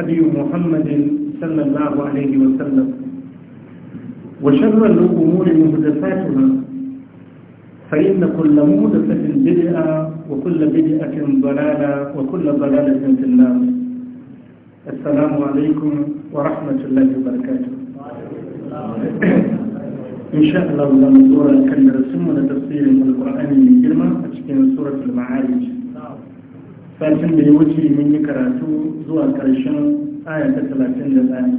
هدي محمد صلى الله عليه وسلم وشر الأمور مهدفاتها فإن كل مهدفة بدعة وكل بدئة ضلالة وكل ضلالة في النار السلام عليكم ورحمة الله وبركاته إن شاء الله لما دورا كان رسمنا تفسير القرآن من جرمة أشكين سورة المعارج satin da ya wuce mun yi karatu zuwa ƙarshen aya ta talatin da ɗaya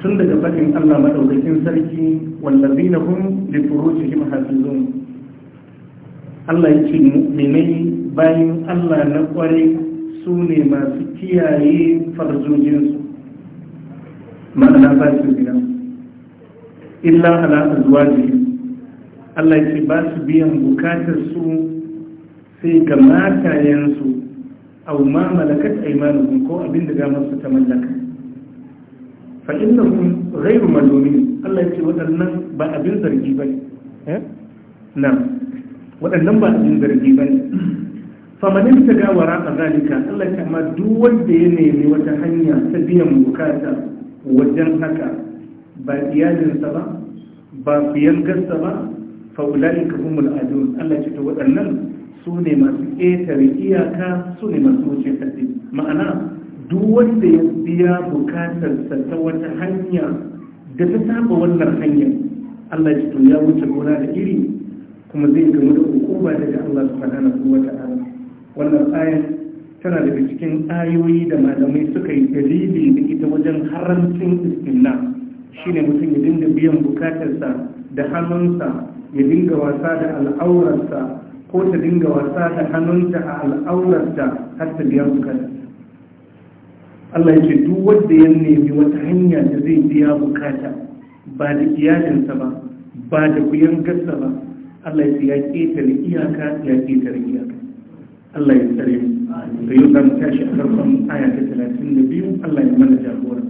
tun daga faɗin allah maɗaukakin sarki wanda na hun da furujihim hafizun allah ya ce mu'minai bayan allah na ƙware su ne masu kiyaye farzojinsu ma'ana ba su biya. illa ala azwajihim allah ya ce ba su biyan bukatar su sai ga matayensu au ma malakat aimanuhum ko abin da damar su ta mallaka fa innahum ghayru malumin Allah ya ce waɗannan ba abin zargi bane eh na'am waɗannan ba abin zargi bane fa man ibtaga wara zalika Allah ya amma duk wanda ya nemi wata hanya ta biyan bukata wajen haka ba iyalinsa ba ba fiyan gasta ba fa ulaika humul adun Allah ya ce to waɗannan su ne masu ƙetare iyaka su ne masu wuce haddi ma'ana duk wanda ya biya bukatarsa ta wata hanya da ta saba wannan hanyar Allah ya to ya wuce gona da iri kuma zai gamu da hukuma daga Allah su na kuma ta ala. wannan ayan tana daga cikin ayoyi da malamai suka yi dalili da ita wajen haramcin shi shine mutum ya dinga biyan bukatarsa da hannunsa ya dinga wasa da al'aurarsa ko ta dinga wasa da hannunta a al'aurarta har ta biya bukata Allah ya ce duk wanda ya nemi wata hanya da zai biya bukata ba da iyalinsa ba ba da kuyan gasa ba Allah ya ce ya ƙetare iyaka ya ƙetare iyaka Allah ya tsare mu da yau za tashi a farkon aya ta talatin da biyu Allah ya mana jagora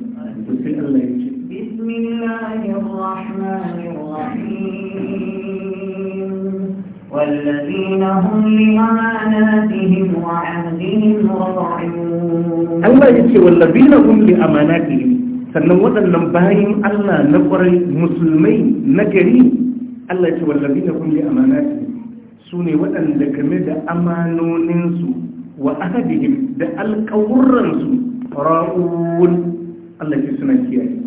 to sai Allah ya ce Bismillahirrahmanirrahim والذين هم لأماناتهم وعهدهم راعون الله يقول والذين هم لأماناتهم sannan waɗannan bayan Allah na ƙwarai musulmai na gari Allah ya ce wallabi na kulle amanati su ne waɗanda game da amanoninsu wa ahadihim da alƙawurransu ra'un Allah ya suna kiyaye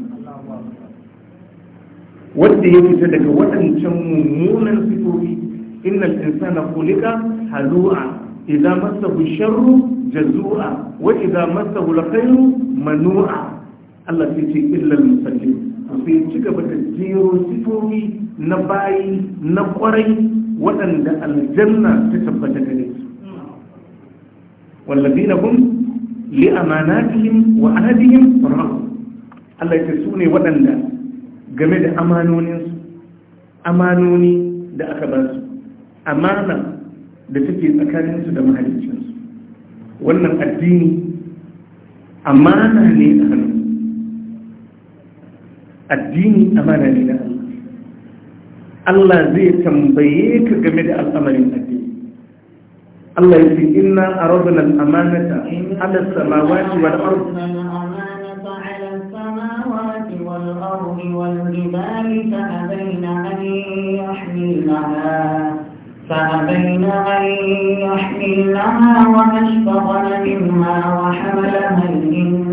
wadda ya fita daga waɗancan mummunan sifofi innal insana khuliqa halu'a idan massahu sharru jazu'a wa idan massahu alkhairu manu'a Allah sai ce illal musallin sai ci gaba da jero sifofi na bayi na kwarai waɗanda aljanna ta tabbata gare su wallazina hum li amanatihim wa ahadihim rahmu Allah ya su ne waɗanda game da amanoninsu amanoni da aka ba su amana da take tsakaninsu da mahalicinsu wannan addini amana ne a hannu addini amana ne na Allah Allah zai tambaye ka game da al'amarin addini Allah ya ce inna aradna al-amanata ala samawati wal ardi والأرض والجبال فأبين أن يحملنها فأبين أن يحملها ونشفقن منها وحملها الإنسان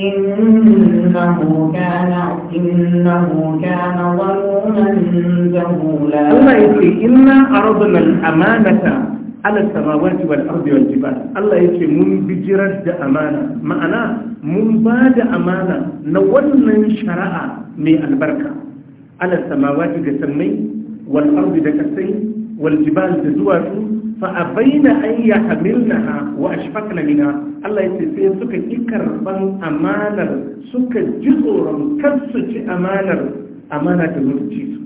إنه كان إنه كان ظلوما جهولا ثم يقول إنا عرضنا الأمانة على السماوات والأرض والجبال الله يقول من بجرد أمانة معناه من بعد أمانة نولنا شراء من البركة ala samawati ga sammai wal ardi da kasai wal jibal da duwatsu fa abaina an yahmilnaha wa ashfaqna minha Allah yace sai suka ki karban amanar suka ji tsoron kar su ci amanar amana ta zuci su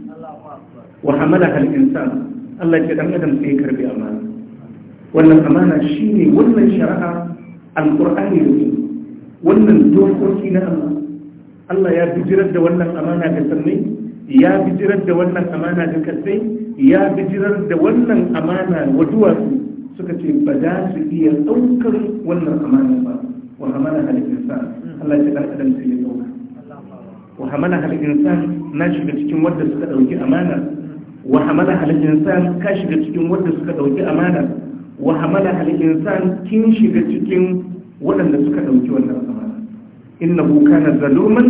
wa hamalaha al insan Allah ya dan adam sai karbi amana wannan amana shine wannan shari'a alqur'ani ne wannan dokoki na Allah Allah ya bijirar da wannan amana ga sannai ya bijirar da wannan amana da kasai ya bijirar da wannan amana wa duwatsu suka ce ba za su iya ɗaukar wannan amana ba wa hamala halittar sa Allah ya ɗan adam sai ya ɗauka wa hamala halittar sa na shiga cikin wadda suka ɗauki amana wa hamala halittar sa ka shiga cikin wadda suka ɗauki amana wa hamala halittar sa kin shiga cikin waɗanda suka ɗauki wannan amana innahu kana zaluman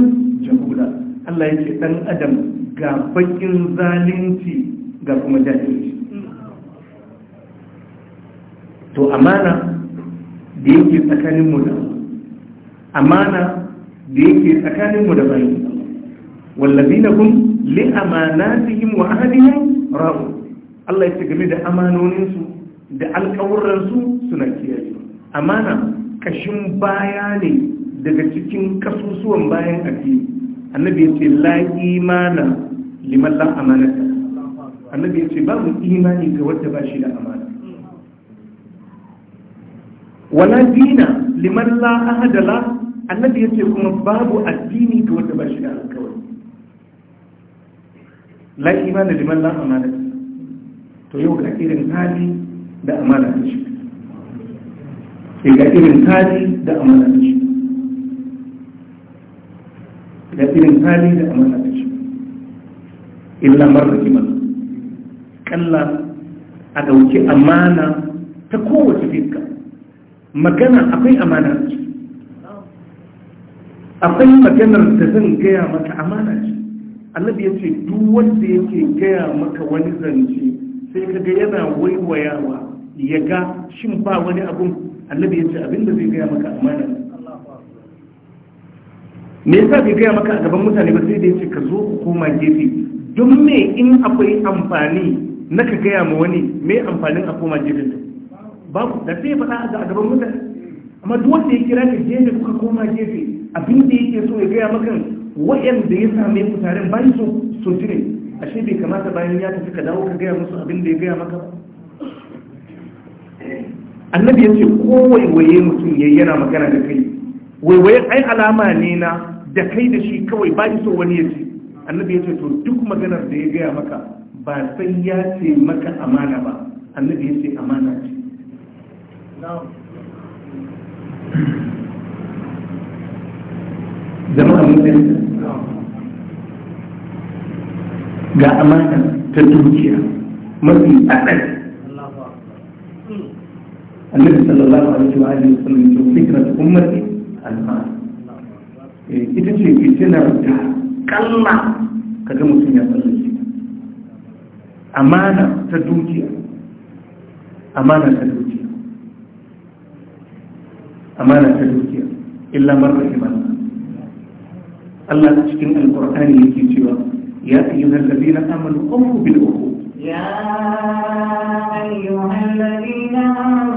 jahula Allah ya ce ɗan adam ga bakin zalunci ga kuma jahilci to amana da yake tsakaninmu da amana da yake tsakaninmu da bayin wallazina hum li amanatihim wa ahdihim Rabu. Allah ya ce game da amanoninsu da alƙawurransu suna kiyaye amana kashin baya ne daga cikin kasusuwan bayan addini annabi ya ce la imana liman la amanata annabi ya ba babu imani ga wanda ba shi da amana wala dina liman la ahadala annabi ya ce kuma babu addini ga wanda ba shi da alkawari la imana liman la amanata to yau ga irin hali da amana ta shi eh, ga irin hali da amana ta shi da irin hali da amana da shi illa marrakiman kalla a dauki amana ta kowace fiska magana akwai amana ce akwai maganar da zan gaya maka amana ce annabi ya ce duk wanda yake gaya maka wani zance sai ka ga yana waiwayawa ya ga shin ba wani abun annabi ya ce abinda zai gaya maka amana me yasa bai gaya maka a gaban mutane ba sai da yace ka zo ku koma gefe don me in akwai amfani na ka gaya ma wani me amfanin a koma ba babu da sai faɗa a gaban mutane amma duk wanda ya kira ka ne kuka koma gefe abin da yake so ya gaya maka da ya same ku ba bayan so so ne ashe bai kamata bayan ya tafi ka dawo ka gaya musu abin da ya gaya maka ba annabi ya ce kowai waye mutum yayi yana magana da kai waiwayen ai alama ne na da kai da shi kawai ba so wani ya ce annabi ya ce to duk maganar da ya gaya maka ba sai ya ce maka amana ba annabi ya ce amana ce jama'a mutum ga amana ta dukiya mafi tsadari annabi sallallahu alaihi wa sallam ya ce fikrat ummati alma eh, ita ce fitinar da kalla kaga mutum ya tsallake amana ta dukiya amana ta dukiya amana ta dukiya illa iman. Allah cikin alkur'ani yake cewa ya ayyuhal ladina amanu qum bil uqud ya ayyuhal ladina amanu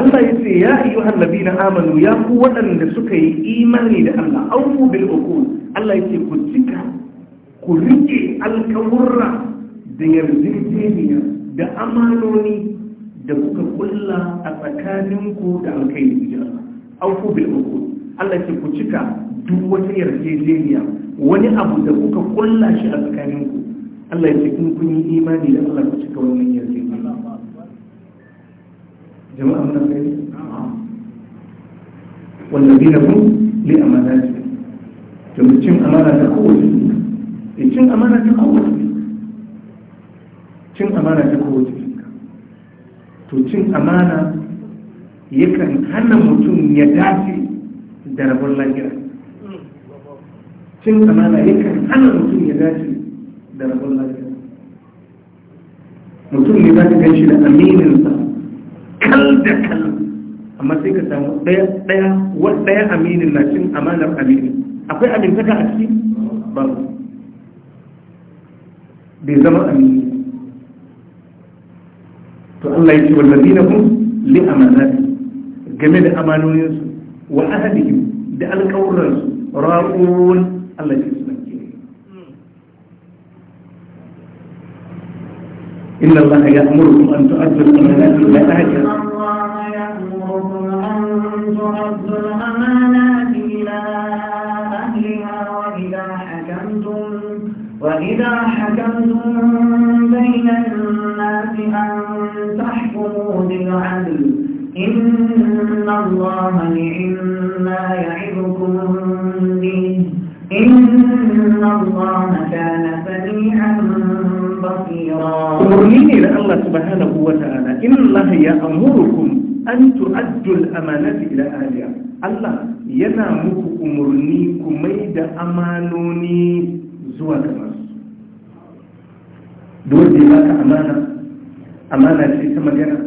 Allah ya ce ya ayyu hallabi na amanu ya ku waɗanda suka yi imani da Allah auku bil uqul Allah ya ce ku cika ku rike alkawurra da yarjejeniya da amanoni da kuka kulla a tsakaninku da alkairi da auku bil uqul Allah ya ce ku cika duk wata yarjejeniya wani abu da kuka kulla shi a tsakaninku Allah ya ce kun kun yi imani da Allah ku cika wannan yarjejeniya jama'a muna kai wallazina hum li amanatihim to cin amana ta kowace ne cin amana ta kowace ne cin amana ta kowace ne to cin amana yakan hana mutum ya dace da rabon lahira cin amana yakan hana mutum ya dace da rabon lahira mutum ne za ka shi da amininsa kal da kal amma sai ka samu ɗaya ɗaya wa ɗaya aminin na cin amanar amini akwai amintaka a ciki ba bai zama amini to Allah ya ce wallazi na kun li amanati game da amanoninsu wa ahadihim da alƙawuransu ra'un Allah ya ce إن الله يأمركم أن تؤدوا الأمانات إلى أهلها وإذا حكمتم بين الناس أن تحكموا بالعدل إن الله نعم ما يعظكم به Umarni ne da Allah subhanahu wa ta'ala, in Allah ya amurukum an tu'addul amanati ila ahliha. Allah yana muku umarni ku mai da amanoni zuwa ga masu. Dole ya baka amana, amana ce ta magana,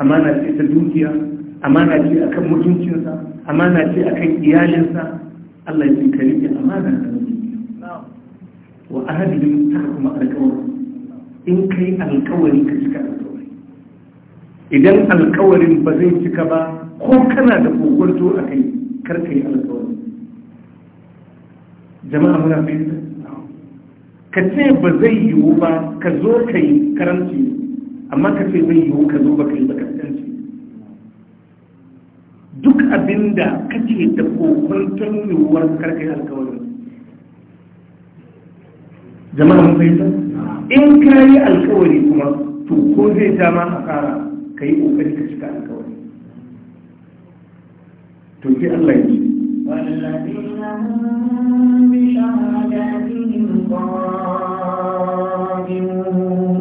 amana ce ta dukiya, amana ce akan mutuncinsa, amana ce akan iyalinsa, Allah ya ka rike amana da wa ahadin ta kuma alƙawari in kai alƙawari ka cika alƙawari idan alƙawarin ba zai cika ba ko kana da kokonto a kai kar ka yi alƙawari jama'a muna fahimta ka ce ba zai yiwu ba ka zo kai yi karanci amma ka ce zai yiwu ka zo ba kai ba kai. duk abin da kake da kokon tunuwar karfe alkawari jama'a mun fahimta in ka yi alkawari kuma to ko zai ta ma a kara ka yi kokari ka cika alƙawari. to sai allah yi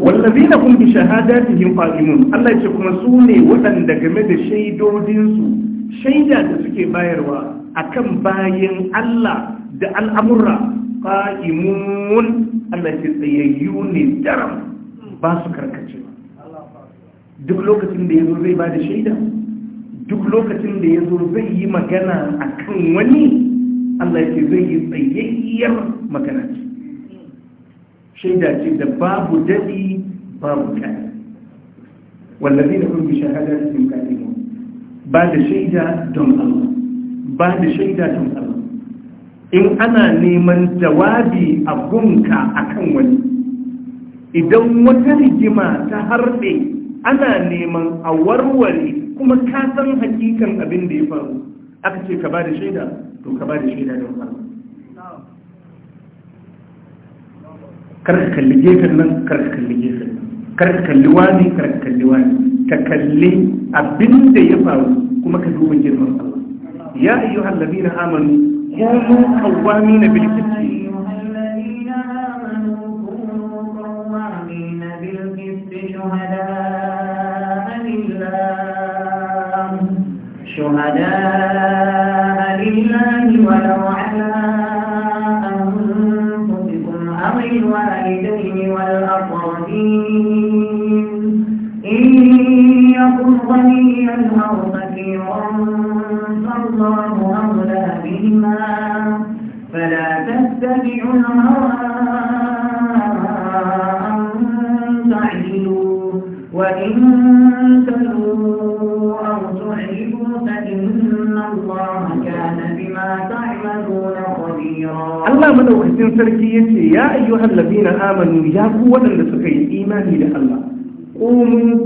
wallazina kun bi shahadatihim qadimun allah ya ce kuma su ne waɗanda game da shaidodinsu shaida da suke bayarwa akan bayan Allah da al'amurra ƙa'imun Allah ce tsayayyu ne daram ba su karkace duk lokacin da ya zo zai ba da shaida duk lokacin da ya zo zai yi magana akan wani Allah ce zai yi tsayayyar magana ce shaida ce da babu daɗi babu kai wallazi da kuma bi shahadar sun kai ba da shaida don Allah ba da shaida don Allah in ana neman jawabi a gunka akan wani idan wata rigima ta harbe ana neman a warware kuma ka san hakikan abin da ya faru aka ce ka ba da shaida to ka ba da shaida don Allah karka kalli gefen nan karka kalli gefen karka kalli wani karka kalli wani ka kalli abin da ya faru kuma ka duba girman Allah ya ayyuhal ladina amanu kunu qawwamina bil qisti شهداء لله ولو على أنفسكم أو الوالدين والأقربين إن الله كثيرا فالله أولى بهما فلا تتبعوا الهوى أن تعجلوا وإن تلووا أو تعرفوا فإن الله كان بما تعملون خبيرا الله من أخذين سركية يا أيها الذين آمنوا يا قوة لسكي إيماني لله قوموا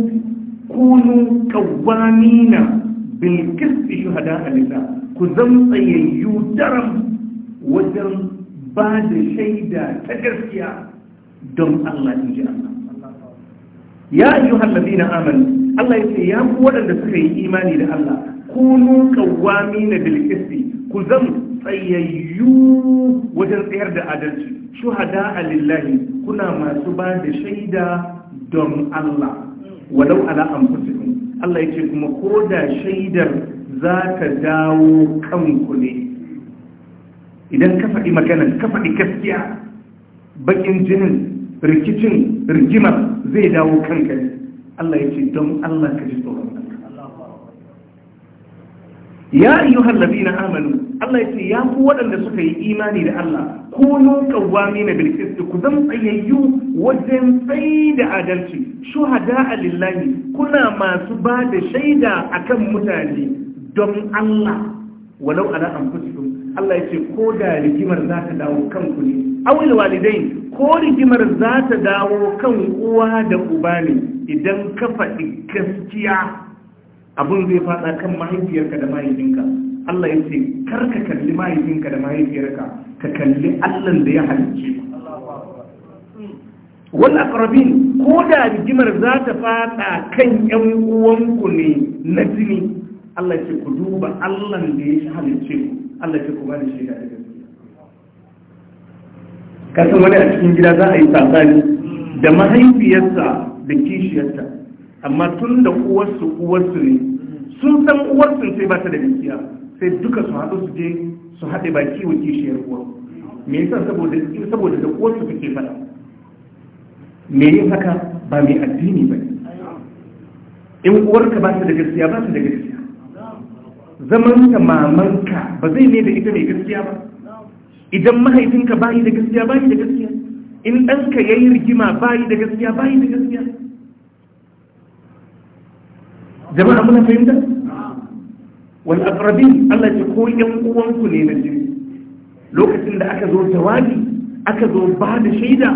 kunu kawamina bil kisti shuhada alillah ku zan tsayayyu daram wajen ba da shaida ta gaskiya don Allah in ji Allah ya ayyuhal ladina Allah ya ce ya ku waɗanda suka yi imani da Allah kunu kawamina bil kisti ku zan tsayayyu wajen tsayar da adalci shuhada alillahi kuna masu ba da shaida don Allah walau ala anfusikum Allah yace kuma ko da shaidar za ka dawo kanku ne idan ka faɗi magana ka faɗi gaskiya bakin jinin rikicin rigimar zai dawo kanka ne Allah yace don Allah ka ji tsoron ya ayyuhal na amanu Allah ce ya ku waɗanda suka yi imani da Allah kunu qawwamina na qist ku zan tsayayyu wajen tsayi adalci shuhada lillahi kuna masu ba da shaida akan mutane don Allah walau ala anfusikum Allah yace ko da rigimar za ta dawo kan ku ne awil walidain ko rigimar za ta dawo kan uwa da uba ne idan ka faɗi gaskiya abun zai fada kan mahaifiyarka da mahaifinka Allah ya ce kar ka kalli mahaifinka da mahaifiyarka ka kalli Allah da ya halicce wal aqrabin ko da rigimar za ta fada kan yan uwanku ne na jini Allah ya ce ku duba Allah da ya halicce ku Allah ya ce ku bani shaida da gaskiya san wani a cikin gida za a yi tsakani da mahaifiyarsa da kishiyarta amma tun da uwarsu uwarsu ne sun san uwar sun sai ba ta da gaskiya sai duka su haɗu su je su haɗe baki wa kishiyar uwar me yasa saboda saboda da uwar su take fada me yin haka ba mai addini ba in uwar ka ba ta da gaskiya ba ta da gaskiya zaman ka mamanka ba zai ne da ita mai gaskiya ba idan mahaifinka ba yi da gaskiya ba yi da gaskiya in ɗanka ya yi rigima ba yi da gaskiya ba yi da gaskiya jama'a muna fahimta wal aqrabin Allah ya ko yan uwanku ne na jini lokacin da aka zo jawabi aka zo ba da shaida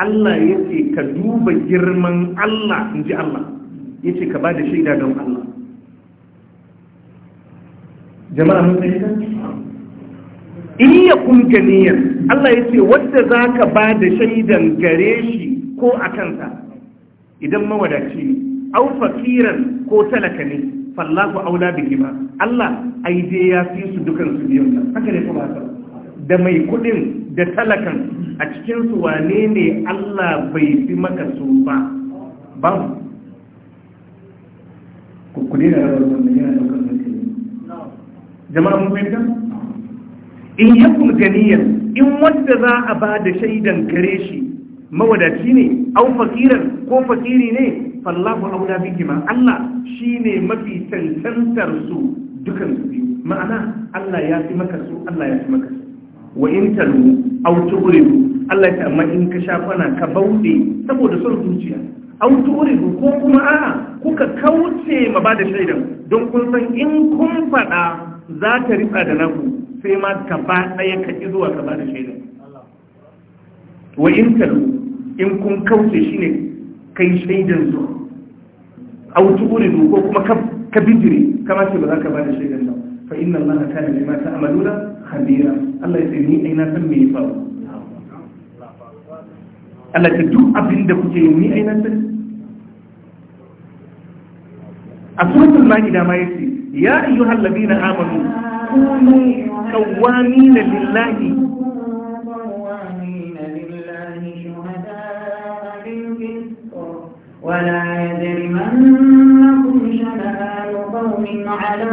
Allah ya ce ka duba girman Allah in ji Allah ya ce ka ba da shaida don Allah jama'a mun fahimta in ya kunka niyyar Allah ya ce wadda za ka ba da shaidan gare shi ko a kansa idan mawadaci ne aw fakiran ko talaka ne fallahu aula biki ba Allah ai dai ya fi su dukan su biyun nan haka ne kuma haka da mai kudin da talakan a cikin su wane ne Allah bai fi maka su ba ba ku kudi da rawar wannan yana daukar hankali jama'a mun fahimta in yakun ganiyan in wanda za a ba da shaidan gare shi mawadaci ne au fakiran ko fakiri ne fallahu aula bihima Allah shine mafi tantantar su dukan su biyu ma'ana Allah ya fi maka su Allah ya fi maka su wa in talu aw tughridu Allah ya amma in ka shafana ka bauɗe saboda son zuciya aw tughridu ko kuma a kuka kauce ma ba da shaidan don kun san in kun faɗa za ta riba da naku sai ma ka ba ɗaya ka ƙi zuwa ba da shaidan wa in talu in kun kauce shine kai shaidan su au tuuridu ko kuma ka bijire kama ce ba za ka bada shaidan ba fa inna allaha kana bima ta'maluna khabira Allah ya tsini ai na san me ya faru Allah ta duk abin da kuke yi ni ai na san a suratul maida ma yace ya ayyuhal ladina amanu kunu qawwamina lillahi ولا يجرمنكم شنآن قوم على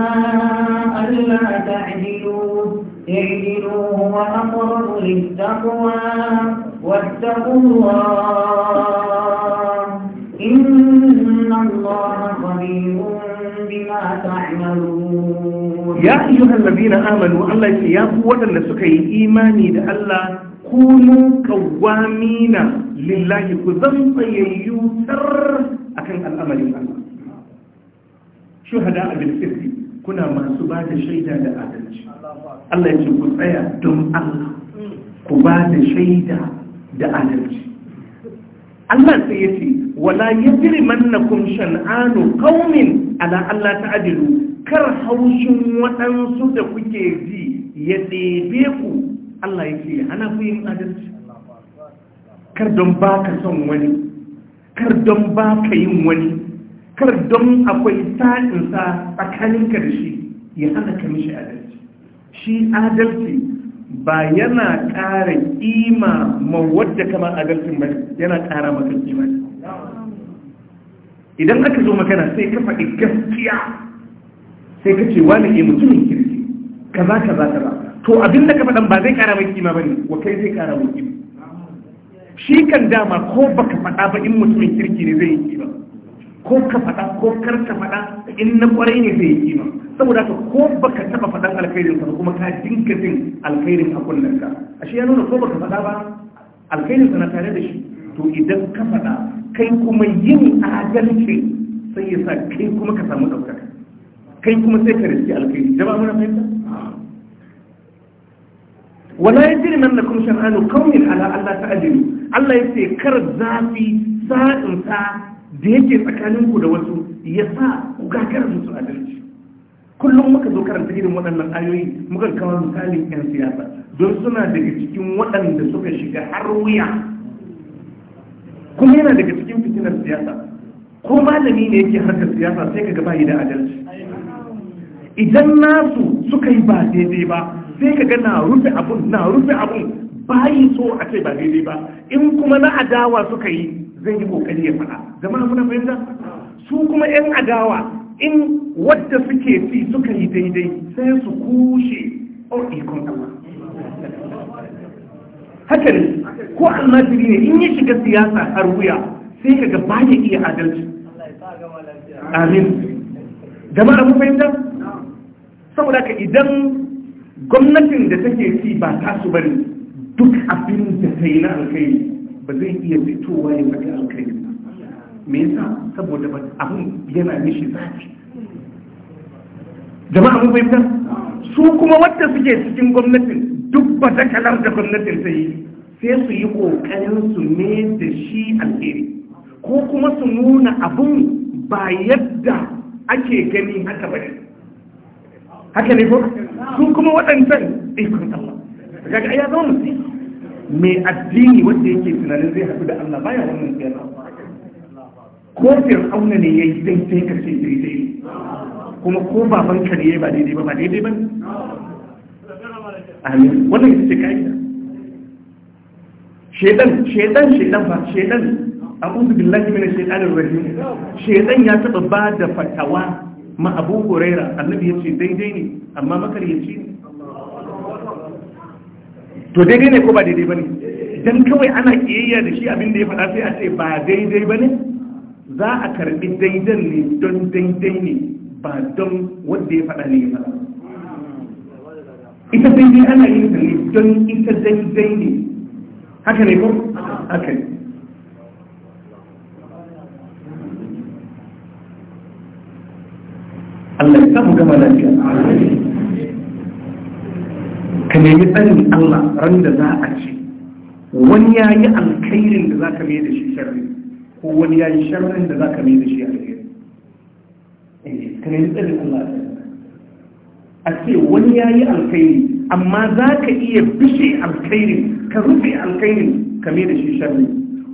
ألا تعدلوا اعدلوا هو أقرب للتقوى واتقوا الله إن الله خبير بما تعملون يا أيها الذين آمنوا الله يا قوة سكي إيماني لألا kunu kawamina lillahi ku zan tsayayyu tar akan al'amarin Allah shuhada a bilkirfi kuna masu ba da shaida da adalci Allah ya ce ku tsaya don Allah ku ba da shaida da adalci Allah sai ya ce wala yajri mannakum shan'anu qaumin ala Allah ta'dilu kar haushin waɗansu da kuke ji ya ɗebe ku Allah ya ce ana ku yin adalci kar don ba ka son wani kar don ba ka yin wani kar don akwai sa'insa sa da shi ya hana ka mishi adalci shi adalci ba yana ƙara ƙima ma wadda kama adalcin ba yana ƙara maka ƙima idan aka zo magana sai ka faɗi gaskiya sai ka ce wani ke eh, mutumin kirki kaza kaza kaza to abin da ka faɗan ba zai ƙara mai ma ba ne wa kai zai ƙara maki ba shi kan dama ko ba ka faɗa ba in mutumin kirki ne zai yi kima ko ka faɗa ko kar ka faɗa in na ƙwarai ne zai yi kima saboda ka ko ba ka taɓa faɗan alkhairin ka kuma ka dinka jin alkhairin a kunnen ka shi ya nuna ko ba ka faɗa ba alkhairin ka na tare da shi to idan ka faɗa kai kuma yin adalci sai ya sa kai kuma ka samu ɗaukaka kai kuma sai ka riski alkhairi jama'a muna fahimta wala yajrimannakum shan'anu qaumin ala ta ta'dilu Allah ya ce kar zafi sa'in sa da yake tsakanin ku da wasu yasa ku gagara musu adalci kullum muka zo karanta irin waɗannan ayoyi muka kawo misalin 'yan siyasa don suna daga cikin waɗanda suka shiga har wuya kuma yana daga cikin fitinar siyasa ko malami ne yake harkar siyasa sai ka gaba da adalci idan nasu suka yi ba daidai ba sai ka ga na rufe abun na rufe abun bayi so a ce ba daidai ba in kuma na adawa suka yi zai yi kokari ya faɗa jama'a muna fahimta su kuma yan adawa in wadda suke fi suka yi daidai sai su kushe o ikon Allah haka ne ko almajiri ne in ya shiga siyasa har wuya sai kaga baya iya adalci amin jama'a mun fahimta saboda ka idan gwamnatin da take ci ba ta su bari duk abin da ta yi na alkai ba zai iya fitowa ya alkai ba me yasa saboda ba abin yana mishi zafi jama'a mun fahimta su kuma wadda suke cikin gwamnatin duk ba ta kalar da gwamnatin ta yi sai su yi kokarin su ne da shi alheri ko kuma su nuna abun ba yadda ake gani haka bane haka ne ko su kuma waɗancan ikon Allah daga ya zama musu mai addini wanda yake tunanin zai haɗu da Allah baya wannan tsayar ko auna ne ya yi daidai karshe daidai ne kuma ko baban ka ne ba daidai ba ba daidai ba ne amin wannan ita ce ka'ida shedan shedan shedan ba shedan a'udhu billahi minash shaitanir rajim shedan ya taba ba da fatawa ma abu huraira annabi ya ce daidai ne amma makaryaci ne to daidai ne ko ba daidai ba ne don kawai ana kiyayya da shi abin da ya faɗa sai a ce ba daidai ba ne za a karɓi daidan ne don daidai ne ba don wanda ya faɗa ne ya faɗa ita daidai ana yin ta ne don ita daidai ne haka ne ko haka ne nemi tsanin Allah ran da za a ce wani ya yi alkhairin da za ka mai da shi sharri ko wani ya yi sharrin da za ka mai da shi alkhairi eh, ka nemi tsanin Allah a ce wani ya yi alkhairi amma za ka iya bishe alkhairin ka rufe alkhairin ka mai da shi sharri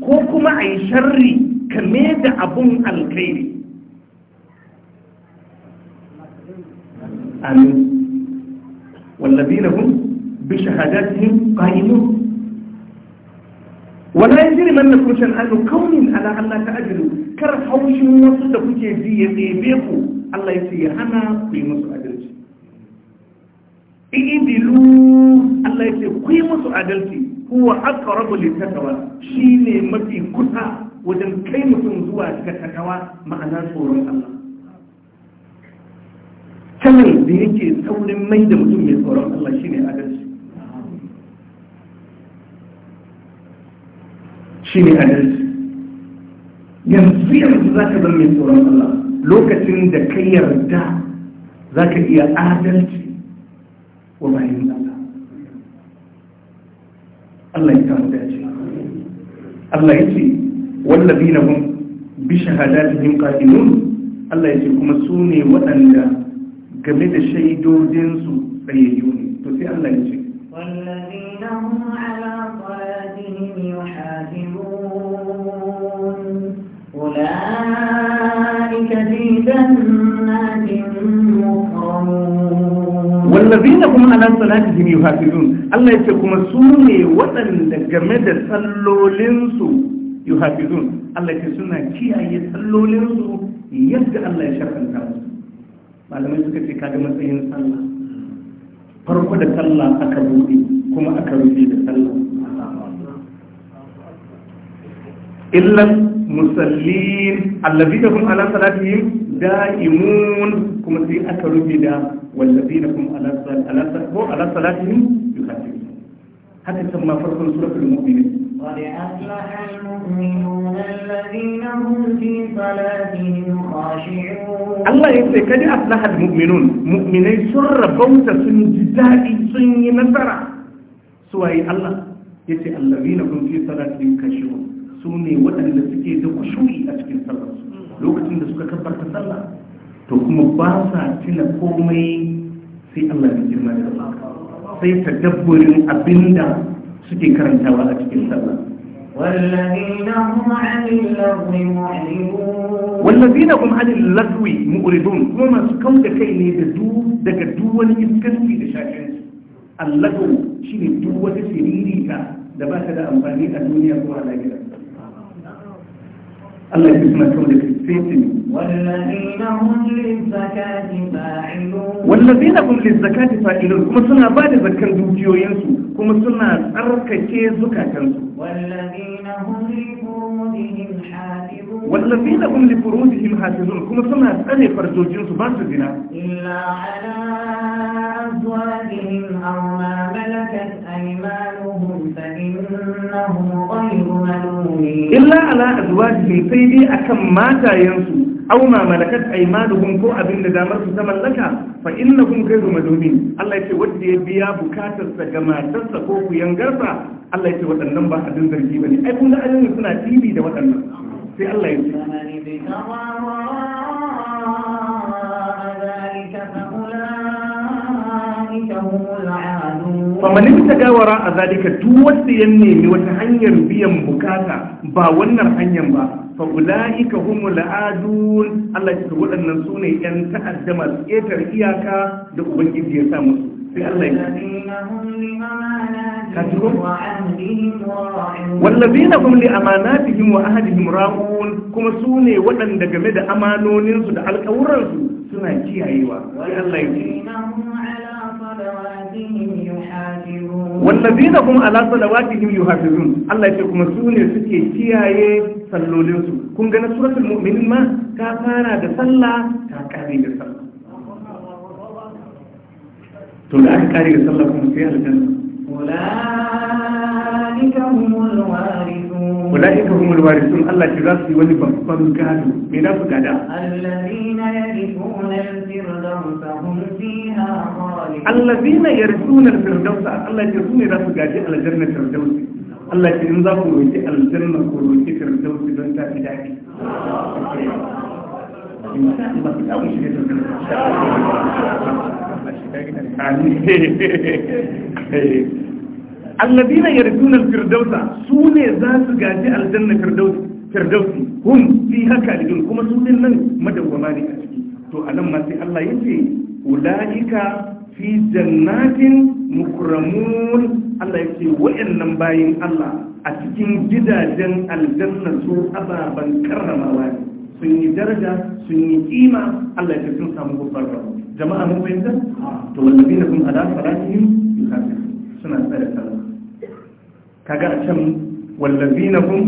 ko kuma a yi sharri ka mai da abun alkhairi amin wallazina hum بشهاداتهم قائمون ولا يجرمنكم شنآن قوم على أن لا تعدلوا كر حوش وسط كوكي زي يبيكو الله يسير أنا في مصر أدلتي إيدلو الله يسير في مصر أدلتي هو أقرب للتقوى شيني مفي كتا وجن كي مسلم زوا كتقوى معنى صور الله كمن ديكي سول ميد مسلم يصور الله شيني أدلتي shi ne adalci yanzu yanzu za ka zama mai tsoron Allah lokacin da ka yarda za ka iya adalci wa bayan Allah Allah ya kama dace Allah ya ce wallabi na hun bi shahadatihim qa'imun Allah ya ce kuma su ne waɗanda game da shaidodinsu tsayayyu ne to sai Allah ya ce ala wallazina kuma ala salatihim yuhafizun Allah yace kuma su ne waɗanda game da sallolinsu yuhafizun Allah yace suna kiyaye sallolinsu yadda Allah ya shakanta musu malamai suka ce kada matsayin sallah farko da sallah aka bude kuma aka rufe da sallah illan musallin allazina hum ala salatihim da'imun kuma sai aka rufe da wallazina hum ala salatihim ko ala salatihim yukatibun haka can ma farkon suratul mu'minin قد أفلح المؤمنون الذين هم في صلاتهم خاشعون الله يسي قد أفلح sun مؤمنين سر بوتا سن جدادي سن ينصر سواي الله يسي الذين هم su ne waɗanda suke da kushuri a cikin sallar lokacin da suka kabbarta sallah to kuma ba sa tuna komai sai Allah ya girma da sai tadabburin abinda suke karantawa a cikin sallah والذين هم عن اللغو معرضون كما سكم da kai ne da du daga duk wani iskanci da shafin allago shine duk wata siririta da ba ta da amfani a duniya ko a والذين هم للزكاة فاعلون والذين هم للزكاة كما سنة بعد ذلك ينسوا كما سنة والذين هم لفروضهم حافظون كما سنة أني فرجو جنس بعض الزنا إلا على أزواجهم أو ما ملكت أيمانهم illa ala azwajihim sai dai akan matayensu aw ma malakat aymanuhum ko abin da damar su ta mallaka fa innakum ghayru madumin Allah yace wanda ya biya bukatar sa ga matarsa ko kuyangarsa Allah yace waɗannan ba abin zargi bane ai kun ga ayoyin suna tibi da waɗannan sai Allah yace Faman ta gawara a zalika duk wanda ya nemi wata hanyar biyan bukata ba wannan hanyar ba, fa ula'ika humul adun Allah ya waɗannan su ne ‘yan ta'adda masu ƙetar iyaka da Ubangiji ya sa musu. Sai Allah ya ka jiro? Wallazina hum li amanatihim wa ahadihim ra'un kuma su ne waɗanda game da amanoninsu da alƙawuransu suna kiyayewa. Sai Allah ya wallazina kuma ala salawatihim yuhafizun Allah ce kuma su ne suke kiyaye sallolinsu kun ga na suratul ma ta fara da sallah ta kare da sallah to da aka kare da sallah kuma sai aljanna أولئك هم الوارثون الله تراسي ولبقر كانوا من أفقدا الذين يرثون الفردوس هم فيها خالدون الذين يرثون الفردوس الله يرثون على جنة الفردوس الله تنزا خروجي الجنة خروجي الفردوس دون تافي داكي آمين allazina yarjuna firdausa su ne za gaji aljanna firdausi firdausi hum fi hakalidun kuma su din nan madawwama ne a ciki to anan ma sai Allah yace ulaika fi jannatin mukramun Allah yace wa'annan bayin Allah a cikin gidajen aljanna su ababan karramawa ne sun yi daraja sun yi kima Allah ya sun samu babbar jama'a to ala suna kaga a can wallazina hum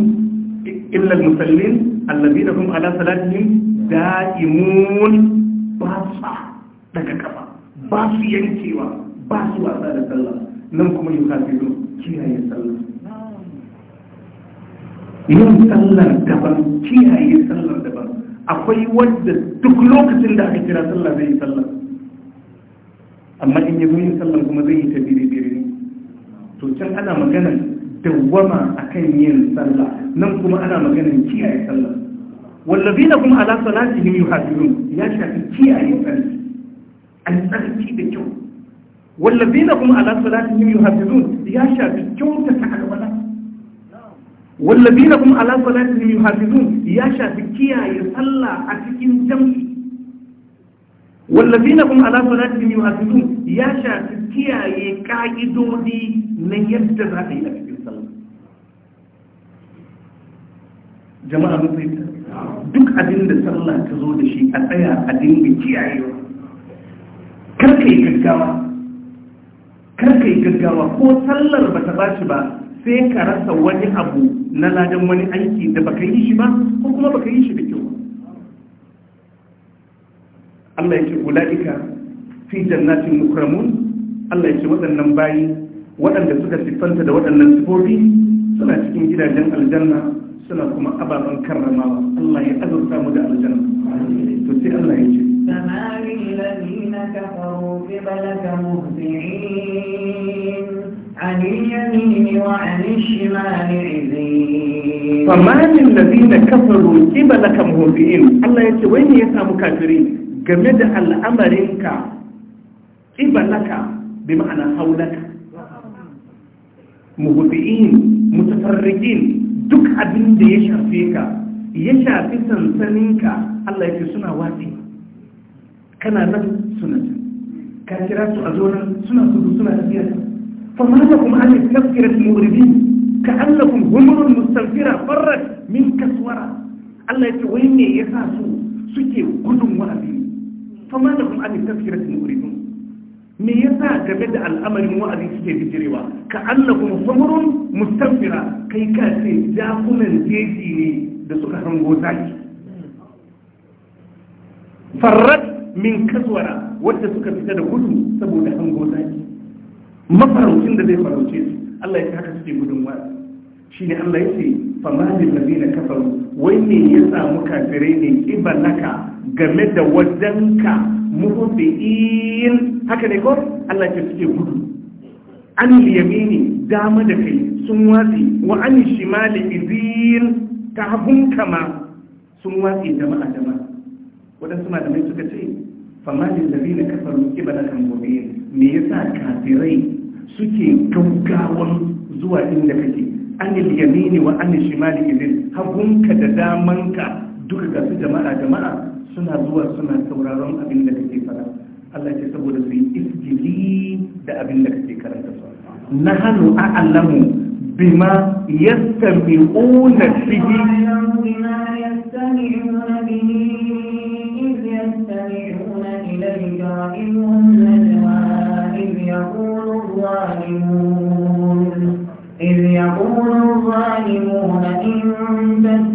illa almusallin allazina hum ala salatihim da'imun ba daga kafa ba su yankewa ba su wasa da sallah nan kuma kafiru kiyaye sallah yin sallar daban kiyaye sallar daban akwai wadda duk lokacin da aka kira sallah zai yi sallah amma in yi yin sallah kuma zai yi ta biri biri to can ana maganar dawwama akan yin sallah nan kuma ana maganin kiyaye sallah wallazina kuma ala salatihim yuhafizun ya shafi kiyaye sallah an tsarki da kyau wallazina kuma ala salatihim yuhafizun ya shafi kyauta ta alwala wallazina kuma ala salatihim yuhafizun ya shafi kiyaye sallah a cikin jam'i wallazina kuma ala salatihim yuhafizun ya shafi kiyaye ka'idodi na yadda za a yi a cikin jama'a mun fahimta duk abin da sallah ta zo da shi a tsaya a dinga kiyaye. kar yi gaggawa karka yi gaggawa ko sallar ba ta bashi ba sai ka rasa wani abu na ladan wani aiki da baka yi shi ba ko kuma baka yi shi da kyau Allah ya ce ula'ika fi jannatin mukramun Allah ya ce waɗannan bayi waɗanda suka siffanta da waɗannan sifofi suna cikin gidajen aljanna suna kuma ababen karramawa Allah ya azurta mu da aljanna to sai Allah ya ce فما للذين كفروا قبلك مهزعين عن اليمين وعن الشمال عزين فما للذين كفروا قبلك مهزعين الله يقول وين يسام كافرين جمد الأمرينك قبلك بمعنى حولك مهزعين متفرقين duk abin da ya shafe ka ya shafi sansaninka Allah ya ce suna wace. kana nan suna can ka kira su a zonan suna su suna tafiya فما لكم عن التذكرة المغربين كأنكم ya المستغفرة فرت من كسورة الله يتوين يساسو سكي قدم وأبين فما لكم عن التذكرة المغربين me yasa game da al'amarin wa'azi suke bijirewa ka Allah kuma samurun mustanfira kai ka ce jakunan jeji ne da suka hango zaki farrat min kaswara wadda suka fita da gudu saboda hango zaki mafaraucin da zai farauce su Allah ya ce haka suke gudun wa'azi shine Allah ya ce famalin na kafaru wai me ya samu kafirai ne ibalaka game da wajenka muhubbi'in haka ne ko Allah ke suke gudu an yamini dama da kai sun watsi wa an shimali izin ta hagun kama sun watsi jama'a jama'a waɗansu malamai suka ce famalin da na kafar muke bada kan gobe me yasa kafirai suke gaggawan zuwa inda kake an yamini wa an shimali izin ka da damanka duka gasu jama'a jama'a suna zuwa suna sauraron abin da kake fara Allah ya saboda su yi isjili da abin da kake karanta su na hannu a allamu bima yastami'una fihi إذ يقول الظالمون إذ يقول الظالمون إن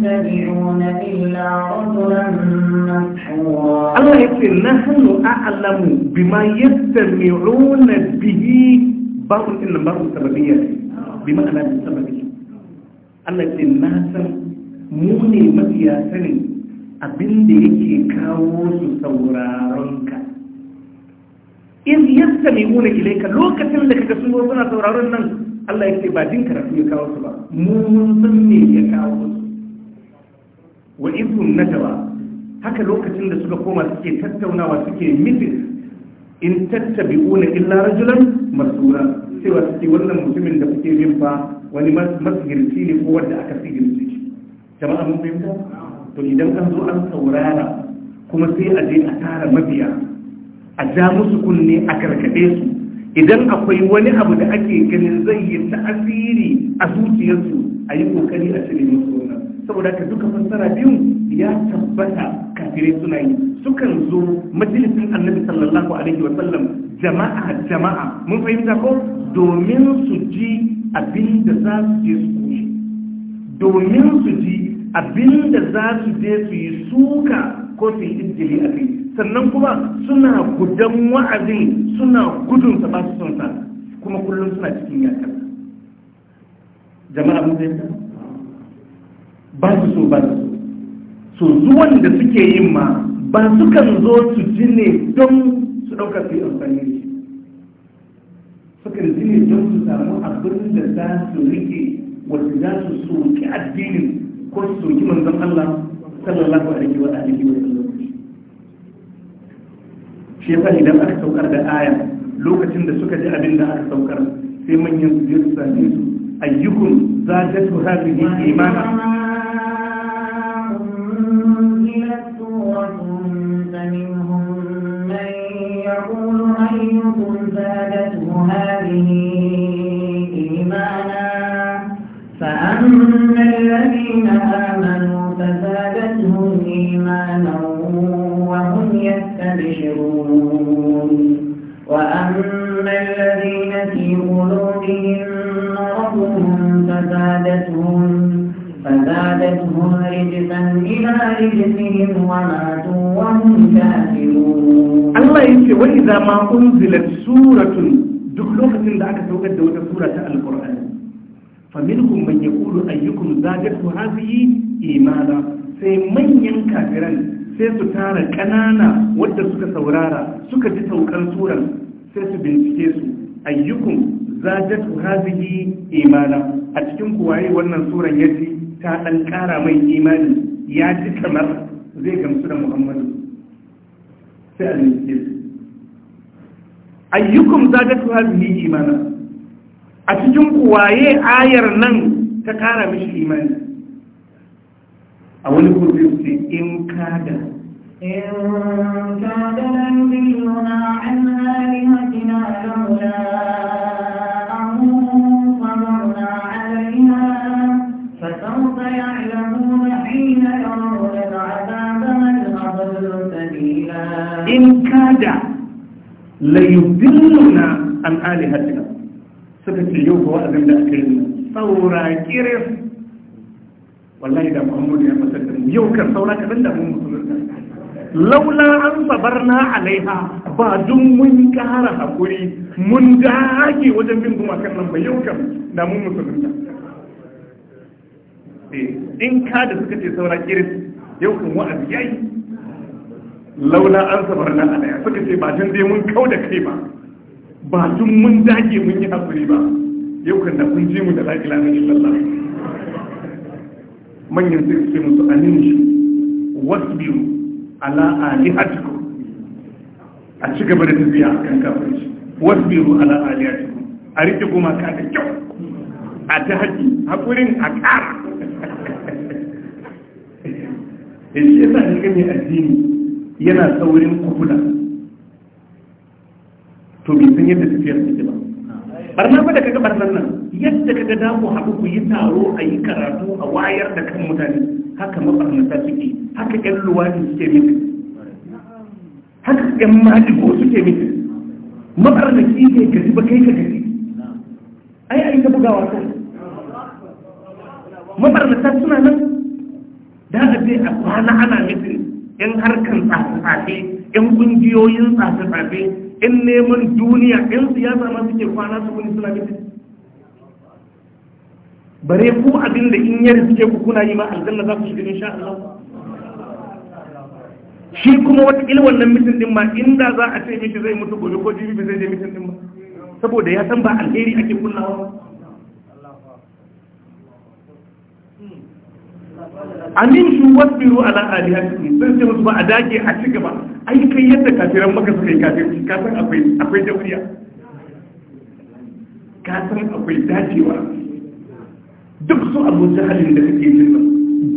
تتبعون إلا رجلا مسحورا الله يقول نحن أعلم بما يستمعون به بر إن بر سببية بمعنى سببية Allah ce na san mu ne mafiya sanin abin yake kawo su sauraronka. In yadda mai muna ilaika lokacin da kaga sun suna sauraron nan Allah ya ce ba jin karatu ya kawo su ba mu mun san me ya kawo su wa izun najwa haka lokacin da suka koma suke tattaunawa suke mitin in tattabi'una illa rajulan masura cewa suke wannan mutumin da kuke bin fa wani masgirci ne ko wanda aka sigirce jama'a mun fahimta to idan an zo an saurara kuma sai a je a tara mabiya a ja musu kunne a karkade su idan akwai wani abu da ake ganin zai yi ta'asiri a zuciyarsu a yi kokari a cire musu wannan saboda ka duka fassara biyu ya tabbata kafirai suna yi sukan zo majalisin annabi sallallahu alaihi wa sallam jama'a jama'a mun fahimta ko domin su ji abin da za su je su koshi domin su ji abin da za su je su yi suka ko su yi injili a kai sannan kuma suna gudan wa'azin suna gudun ta ba su son sa kuma kullum suna cikin yakar jama'a mun zai ba su so ba su so zuwan da suke yin ma ba su kan zo su ji ne don su ɗaukar su yi amfani da shi sukan ji ne don su samu abin da za su rike wanda za su soki addinin ko su soki manzon Allah sallallahu alaihi wa alihi wa shi yasa idan aka saukar da aya lokacin da suka ji abin da aka saukar sai manyan su je su same su ayyukun za ta tu hadhihi imana فأما الذين آمنوا فزادتهم إيمانا ينتشرون وأما الذين في قلوبهم مرض فزادتهم فزادتهم رجسا إلى رجسهم وماتوا وهم كافرون الله يقول وإذا ما أنزلت سورة دخلوها من ذاك توجد دوت سورة القرآن فمنهم من يقول أيكم زادته هذه إيمانا سيمن ينكافرا sai su tara ƙanana wadda suka saurara suka ji taukar turan sai su bincike su ayyukun zajat hazihi imana a cikin kuwaye wannan turan ya ji ta ɗan ƙara mai imani ya ji kamar zai gamsu da muhammadu sai a bincike su ayyukun zajat hazihi imana a cikin kuwaye ayar nan ta ƙara mishi imani أولي قلت في إن كاد إن كاد ليضلنا عن آلهتنا لولا أن صبرنا عليها فسوف يعلمون حين يرون من أضل سبيلا إن كاد عن آلهتنا سكت اليوم وأذن لأكلنا ثورة كرف wallahi da muhammadu ya fasar da mu yau kan saura kaɗan da mun musulunta laula an sabarna alaiha ba dun mun ƙara hakuri mun dage wajen bin gumakan nan ba yau kan da mun musulunta eh, in ka da suka ce saura kirist? yau kan wa'azi yayi laula an sabarna alaiha suka ce ba dun dai mun kau da kai ba ba dun mun dage mun yi hakuri ba yau kan da kun ji mu da la ilaha illallah manyan sai ce musu wasu biyu ala alihatikum a ci gaba da tafiya kan Wasu biyu ala alihatikum a rike goma ka da kyau a ta hajji haƙurin a ƙara da shi yasa in ga addini yana saurin kufula to bai san yadda tafiyar take ba barna ba da kaga barnan nan yadda kaga da ku haɗu ku yi taro a yi karatu a wayar da kan mutane haka mabarnata suke haka ƴan luwadi suke miki haka ƴan maɗigo suke miki ki ne gari ba kai ka gari ai ai ta bugawa kan mabarnata suna nan da a je a kwana ana miki ƴan harkan tsafe-tsafe ƴan ƙungiyoyin tsafe-tsafe in neman duniya in siyasa ma suke kwana su wani suna gidi bare ku abin da in yari suke ku kuna yi ma aljanna za ku shiga sha Allah shi kuma wata ilwan wannan mutum din ma inda za a ce mishi zai mutu gobe ko jibi zai je mutum din ma saboda ya san ba alheri ake kullawa amin shi wasbiru ala alihatikum sun ce musu ba a dage a ci gaba ai kai yadda kafiran maka suka yi kafirci ka san akwai jauriya ka san akwai dacewa duk su abu jahalin da kake jin nan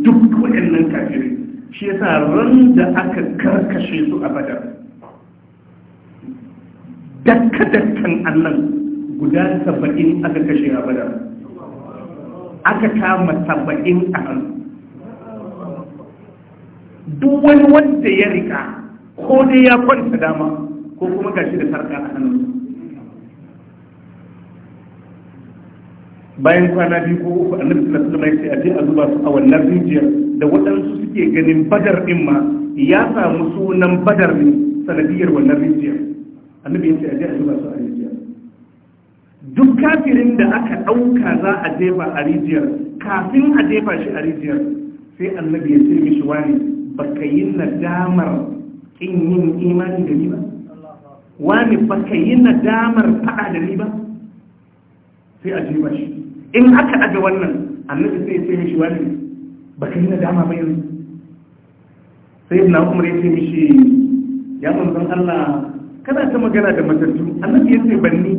duk waɗannan kafirai shi yasa ran da aka karkashe su a badar dakka dakkan allon guda saba'in aka kashe a badar aka kama saba'in a hannu duk wani wanda ya rika ko dai ya kwanta dama ko kuma gashi da sarka a hannun bayan kwana biyu ko uku annabi sallallahu alaihi sai a ce a zuba su a wannan rijiyar da waɗansu suke ganin badar din ma ya samu sunan badar ne sanadiyar wannan rijiyar annabi ya ce a je a zuba su a rijiyar duk kafirin da aka ɗauka za a jefa a rijiyar kafin a jefa shi a rijiyar sai annabi ya ce mishi wani baka yi nadamar in yin imani da ni ba wani ba ka yi nadamar faɗa da ni ba sai a jiba shi in aka ɗaga wannan annabi sai ya ce mishi wani ba ka yi dama ba yanzu sai na umar ya ce mishi ya zan Allah kana ta magana da matattu annabi ya ce banni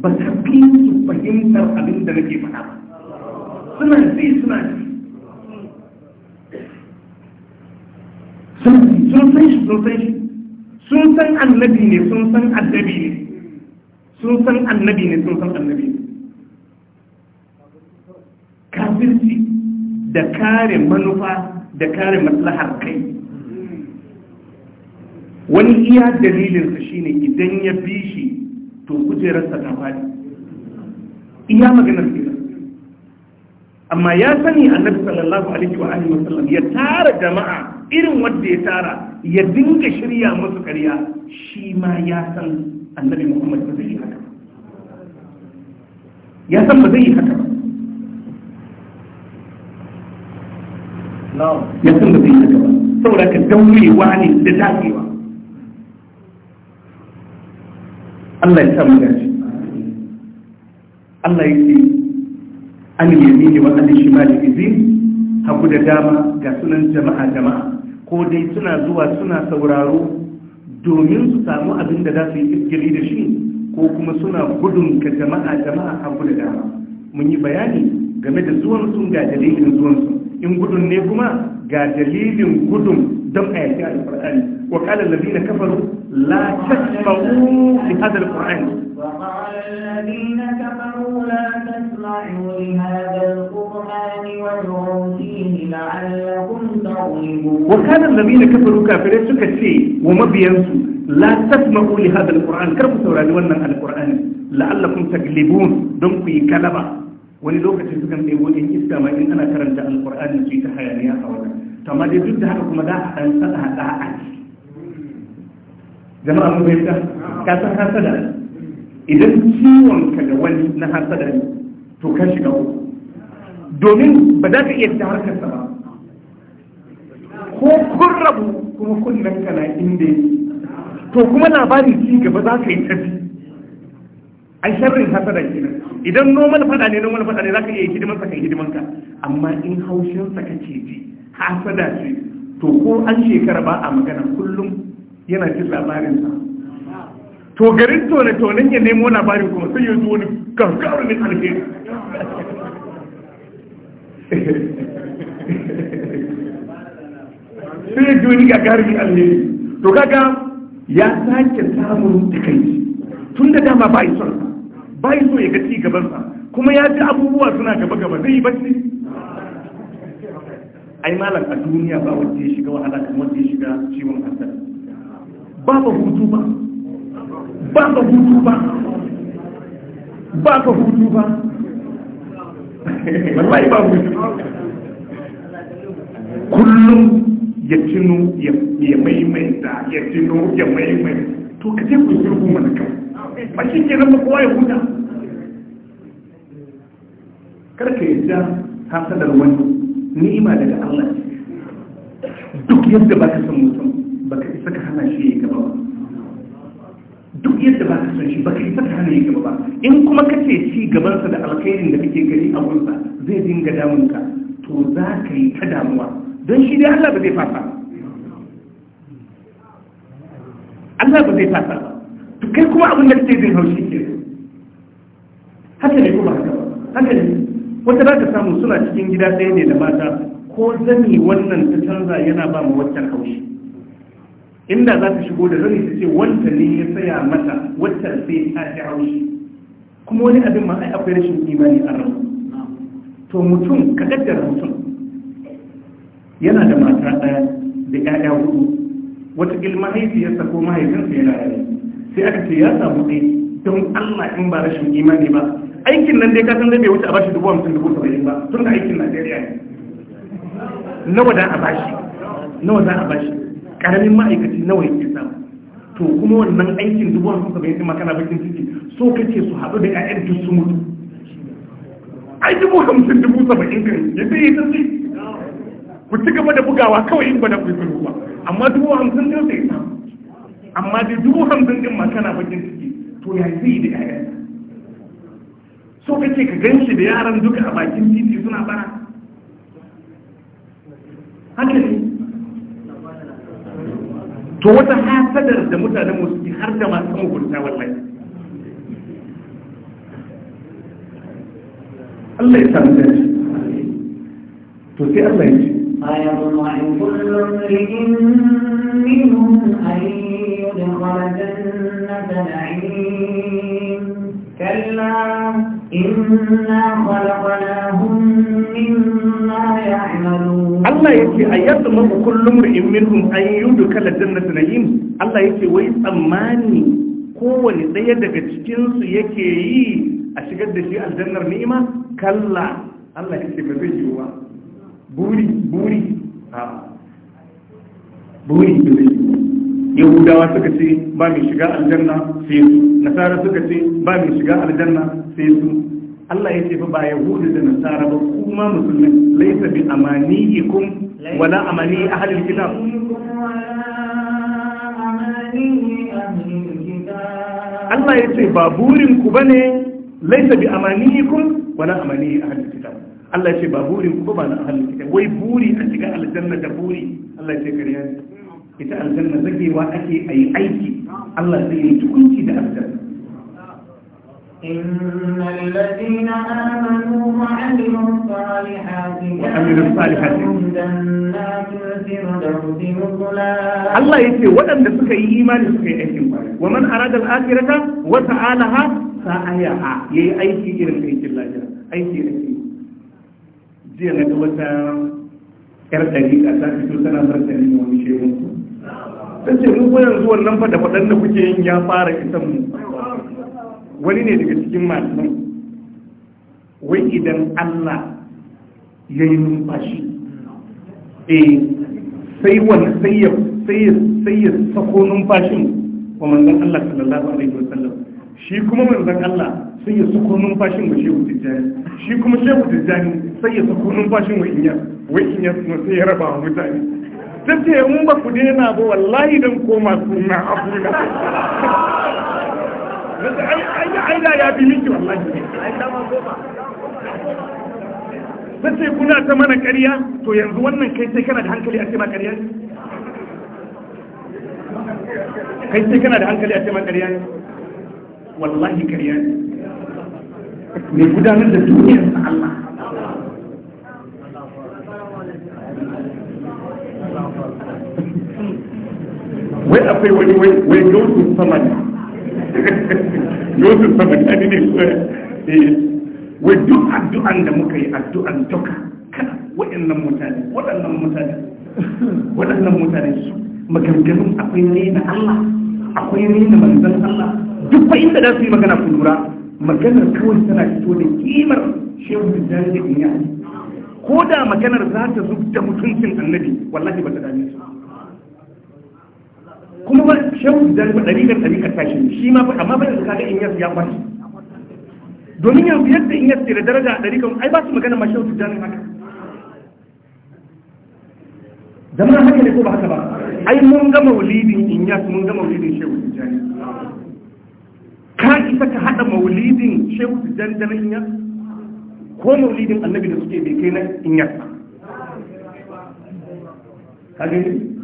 ba ka fi su fahimtar abin da nake faɗa ba suna ji suna ji sun san shi sun san shi sun san annabi ne sun san addabi ne sun san annabi ne sun san annabi ne kafirci da kare manufa da kare maslahar kai wani iya dalilinsa shine idan ya bi shi to kujerarsa ta fadi iya maganar kenan amma ya sani annabi sallallahu alaihi wa alihi wa sallam ya tara jama'a irin wanda ya tara ya dinga shirya masu karya shi ma ya san annabi muhammad ba zai yi haka ya san ba zai yi haka ba ya san ba zai yi haka ba saboda ka daurewa ne da dagewa Allah ya samu gashi Allah ya ce an yamini wa alishima da izin haku da dama ga sunan jama'a jama'a ko dai suna zuwa suna sauraro domin su samu abin da za su yi iskiri da shi ko kuma suna gudun ka jama'a jama'a hagu da dama mun yi bayani game da zuwansu ga dalilin zuwansu in gudun ne kuma ga dalilin gudun don a yaki alkur'ani wa kala lalzina kafaru la tasma'u li hadha wa kana allazina Ruka fere suka ce wa mabiyansu la tasma'u li hadha alquran kar ku saurari wannan alqur'ani la'allakum taglibun don ku yi kalaba wani lokacin sukan ɗebo in iska ma in ana karanta alqur'ani su yi ta hayaniya a wannan to amma dai duk da haka kuma za a dan sada hada a jama'a mun bayyana ka san hasada idan ciwon ka da wani na hasada ne to ka shiga domin ba za ka iya ta harkar sa ba ko kun rabu kuma kun ka kana inda yake to kuma labarin ci gaba za ka yi tafi ai sharrin hasada kenan idan noman fada ne noman fada ne za ka iya hidiman ka kai hidiman ka amma in haushin sa kace ji fada ce to ko an shekara ba a magana kullum yana jin labarin sa to garin tone tonen ya nemo labarin kuma sai ya zo wani ne alheri sai ji wani gagarumin alheri to kaga ya sake samun takai tun da dama bai son bai so ya ga ci gabansa kuma ya ji abubuwa suna gaba gaba zai yi bacci ai malam a duniya ba wanda ya shiga wahala kamar wanda ya shiga ciwon hasar ba ba hutu ba ba ba hutu ba ba ba hutu ba wallahi ba hutu ya tuno ya maimaita ya tuno ya maimaita to ka ce ku sulhu mana kyau ba shi ke nan kowa ya huta karka ya ja hasadar wani ni'ima daga Allah duk yadda ba ka san mutum ba ka isa ka hana shi ya gaba ba duk yadda ba ka san shi ba ka isa ka hana ya gaba ba in kuma ka ce ci gabansa da alkhairin da kake gani a gunsa zai dinga damunka to za ka yi ta damuwa don shi dai Allah ba zai fasa Allah ba zai fasa to kai kuma abin da kake jin haushi ke haka ne kuma haka haka ne wata za ka samu suna cikin gida ɗaya ne da mata ko zani wannan ta canza yana ba mu waccan haushi inda za ta shigo da zani ta ce wanta ne ya saya mata waccan sai ta ji haushi kuma wani abin ma ai akwai rashin imani a ran to mutum ka kaddara mutum yana da mata ɗaya da ƴaƴa hudu wata mahaifiyarsa ko mahaifinsa yana yare sai aka ce ya samu ɗai don allah in ba rashin imani ba aikin nan dai kasan zai bai wuce a bashi dubu hamsin dubu saba'in ba tun da aikin najeriya ne nawa da a bashi nawa za a bashi karamin ma'aikaci nawa yake samu to kuma wannan aikin dubu hamsin saba'in ɗin makana bakin ciki so ce su haɗu da ƴaƴan duk su mutu ai dubu hamsin dubu saba'in ɗin ya sai ya tafi ku ci gaba da bugawa kawai in ba da ku yi ba amma dubu hamsin din sai samu amma da dubu hamsin din ma kana bakin ciki to ya zai da yaya so ka ce ka gan shi da yaran duka a bakin titi suna bara haka ne to wata hasadar da mutanen musulmi har da masu mugunta wallahi Allah ya samu shi, to sai Allah ya ce فيطمع كل امرئ منهم ان Allah a yadda mafi kullum ri'in hun an yi kala jannatu na yin Allah ce wai tsammani kowane ɗaya daga cikinsu yake yi a shigar da shi aljannar ni'ima kalla Allah zai mafi wa. buri buri a buri da zai yahudawa suka ce ba mai shiga aljanna sai su nasara suka ce ba mai shiga aljanna sai su Allah ya ce fa ba yahudu da nasara ba kuma musulmi laisa bi ikum wala amani ahlil kitab Allah ya ce ba burin ku bane laisa bi ikum wala amani ahlil kitab Allah ce ba buri ko ba na halin ita wai buri a shiga aljanna da buri Allah ce kariya ita aljanna zagewa ake a yi aiki Allah zai yi tukunci da aljanna Allah ya ce waɗanda suka yi imani suka yi aikin ba, waman a ragar akirata wata alaha sa'ayaha ya aiki irin aikin lajira, aiki zai na wata yar a ta to tana martani da wani shehun sun ce mu ko yanzu wannan fa da faɗan da kuke yin ya fara isan mu wani ne daga cikin masu wai idan Allah ya yi numfashi eh sai wani sai ya sai ya sako numfashin wa manzon Allah sallallahu alaihi wasallam shi kuma manzon Allah sai ya suko numfashin wa shehu tijjani shi kuma shehu tijjani sai ya suko numfashin wa inya wai inya kuma sai ya raba mutane ta ce mun ba ku daina ba wallahi don koma suna abuna aida ya bi miki wallahi ta ce kuna ta mana karya to yanzu wannan kai sai kana da hankali a ce ma ne. kai sai kana da hankali a ce ma ne? wallahi karya ne mai gudanar da duniyar sa Allah wai akwai wani wai yosu samani yosu samani ne ne eh, eh. wai duk addu'an da muka yi addu'an doka kana waɗannan mutane waɗannan mutane waɗannan mutane su maganganun akwai ne na Allah akwai ne na manzan Allah duk fa inda za su yi magana ku lura maganar kawai tana fito da kimar shehu da jari da inya ko da maganar za ta zub da mutuncin annabi wallahi ba ta dame su kuma ba shehu jari ba ɗari da ɗari ka tashi shi ma ba amma ba da kaga inya ya kwashi domin yanzu yadda inya ce da daraja a ɗari kan ai ba su magana ma shehu jari haka zama haka ne ko ba haka ba ai mun ga maulidin inya mun ga maulidin shehu tijjani ka isa ka haɗa maulidin shehu tijjani da na inyar ko maulidin annabi da suke bai kai na inyar ka gani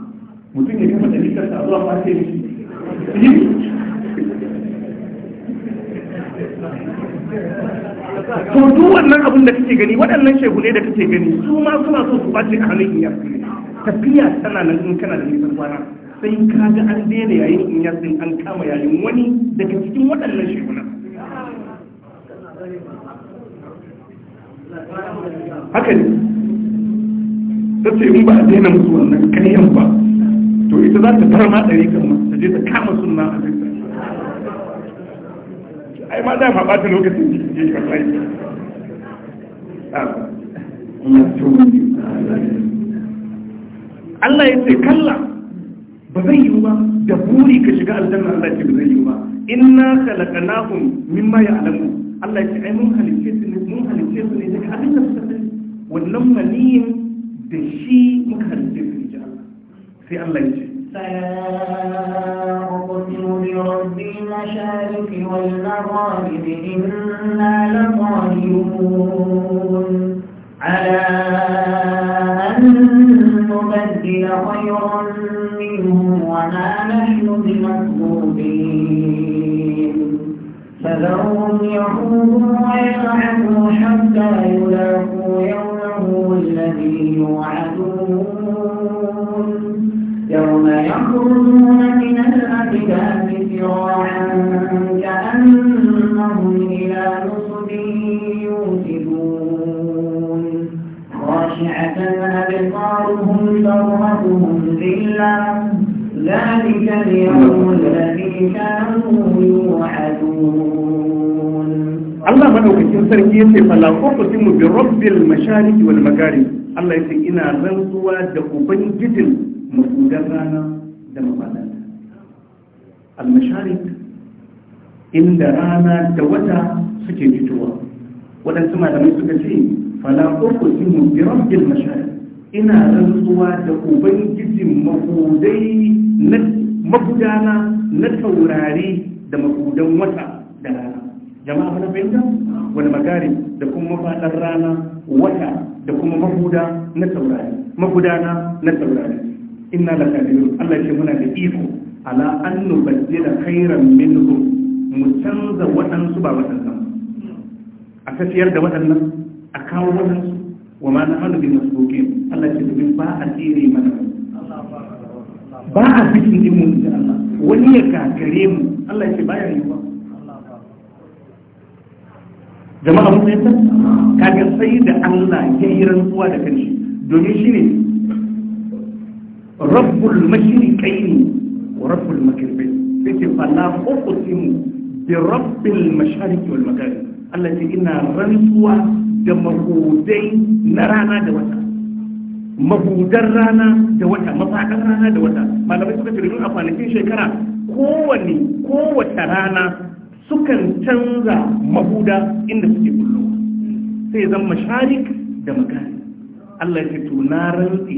mutum ya kama ɗalikar ta zuwa fashe ne to duk wannan abun da kake gani waɗannan shehu ne da kake gani su ma suna so su bace a hannun inyar tafiya tana nan in kana da nisan kwana sai ka ga an daina yayin inyas din an kama yayin wani daga cikin waɗannan shekuna haka ne ta ce in ba a daina musu wannan karyan ba to ita za ta tarma ɗari kan ta je ta kama sunna a jirgin ai ma dama ba ta lokacin da ke kwallaye Allah ya ce kalla ba zai yiwu ba da buri ka shiga aljanna Allah ce ba zai yiwu ba inna khalaqnahum mimma ya'lamu Allah ya ce ai mun halice su ne mun halice su ne daga abin da suka sani wannan maniyin da shi muka halice su ne sai Allah ya ce سيقسم برب المشارق والمغارب إنا لقادرون على أن نبدل خيرا منهم وما نحن بمسبوقين فذرهم يخوضوا ويلعبوا حتى يلاقوا يومه الذي يوعدون يوم يخرجون من الأجداث سراعا كأنهم إلى نصب يوسف يومهم ذلا ذلك اليوم الذي كانوا يوعدون Allah madaukakin sarki yace falaqu kutimu bi rabbil masharik wal magharib Allah yace ina rantsuwa da ubangijin mafudan rana da mafadan al masharik inda rana da wata suke fitowa wadansu malamai suka ce falaqu kutimu bi rabbil masharik ina rantsuwa da ubangijin mahudai na magudana na taurari da magudan wata da rana jama'a mana fahimta wani magari da kuma mafaɗar rana wata da kuma mahuda na taurari magudana na taurari inna la qadirun Allah ce muna da iko ala an nubaddila khairan minhum mu canza waɗansu ba waɗannan a tafiyar da waɗannan a kawo waɗansu wa ma na hannu bin masbokin Allah ce domin ba a tsere mana ba a cikin imun da Allah wani ya kakare mu Allah ce baya yi jama'a mun yadda kaga sai da Allah ya yi rantsuwa da kanshi domin shi ne rabbul mashriqaini wa rabbul maghribain sai ce fala Allah da mahudai na rana da wata mahudan rana da wata mafaɗan rana da wata malamai suka tarihin a kwanakin shekara kowane kowace rana sukan canza mahuda inda suke kullowa sai zan masharik da makari Allah ya to na rantsi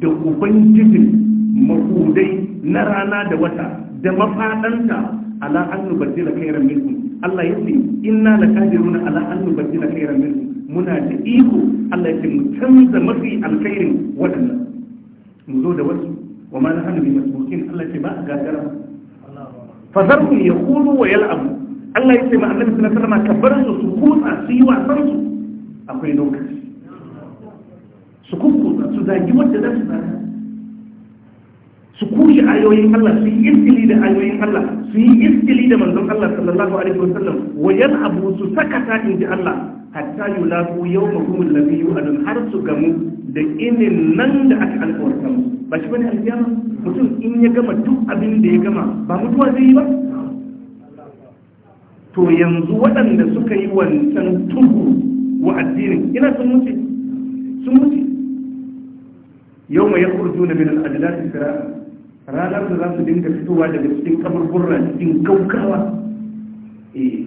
da ubangijin mahudai na rana da wata da mafaɗanta ala an nubaddila kairan minkum Allah ya ce inna kajiruna ala an nubaddila kairan minkum muna da iko Allah ya mu canza mafi alkhairin waɗannan mu zo da wasu wa ma nahnu bi masbuqin Allah ya ba a gagara fa zarhum yaqulu wa yal'abu Allah ya ce ma annabi sallallahu alaihi wasallam ka bar su su kutsa su yi wasan su akwai lokaci su kukkuta su zagi wanda za su zaga su kushe ayoyin Allah su yi iskili da ayoyin Allah su yi iskili da manzon Allah sallallahu alaihi wasallam wa yal'abu su sakata inji Allah hatta yulaku yawmakum alladhi yu'adun har su gamu da inin nan da aka alƙawarta mu ba shi bane alƙiyama mutum in ya gama duk abin da ya gama ba mutuwa zai yi ba to yanzu waɗanda suka yi wancan tuhu wa addinin ina sun mutu sun mutu yau mai ya kurdu na min ranar da za su dinga fitowa daga cikin kaburburra cikin gaugawa eh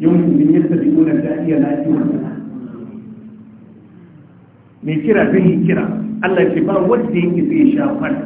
yawancin min yadda bi unan da'iya na ji mai kira zai yi kira Allah ce ba wanda yake zai sha fata